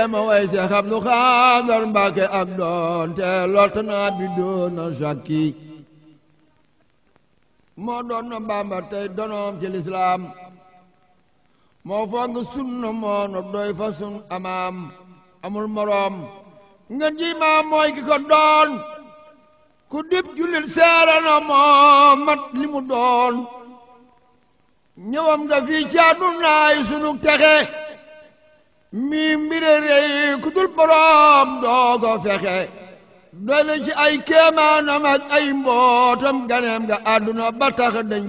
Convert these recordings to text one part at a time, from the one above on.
jéem a way Seex Abdu Xaadar Mbàkke ak doonte lot naa bi doona sakki moo doon na Bàmba tey donoom ci lislaam moo foog sunna moo nu doy fa sun amaam amul moroom ngeen ji mooy ki ko doon ku dib jullit seere na moo mat li mu doon ñëwam nga fii ci àddunaay sunu texe mi mbire ku dul boroom doo ko doy na ci ay kéemaanam ak ay mbootam ganeem nga àdduna ba tax dañ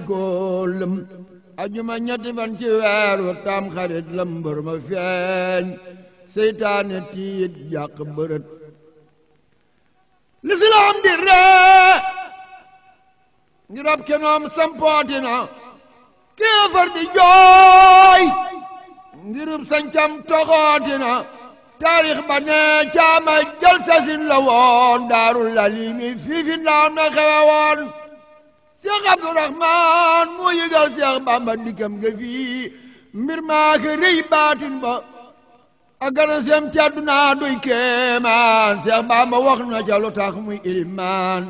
ajuma ñetti fan ci weeru tam xarit lëmbër ma feeñ seytaane tiit jàq bërët lislaam di ree ngir ab kenoom sampootina kéefar di joo ngirub sancam toxootina taarix ba ne caama jël sasin la woon daarul lalimi fiifin laam na xewe woon Cheikh Abdourahman mu yëgal Cheikh Bamba dikkam nga fii mbir maa ke baatin ba ak gana seem ci àdduna doy kéemaan Cheikh Bamba na ca lu tax muy ilimaan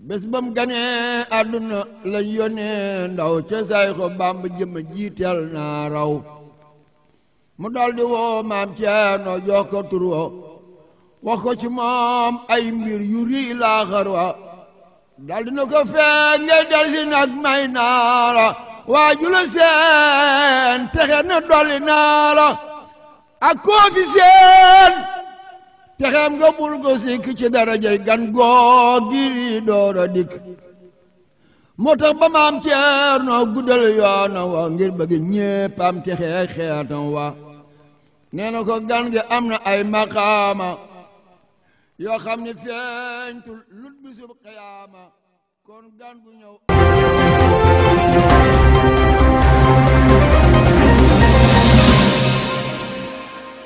bés ba mu ganee àdduna lañ yónnee ndaw ca Sayxu Bàmb jëma jiiteel naa mu daldi woo maam Ceerno jox ko tur wo wax moom ay mbir yu rii laaxar wa daldi na ko feeñ ngay del si nag may naa la jula seen texe na dolli naa la ak koofi seen texeem nga bul ko ci darajay gan googiri doora dikk moo tax ba maam ceer noo guddal yoona wa ngir bëgg ñépp am texee xeetam wa nee na ko gan gi am na ay maqaama yoo xam ne feeñtul lut bisub xiyaama kon gan gu ñëw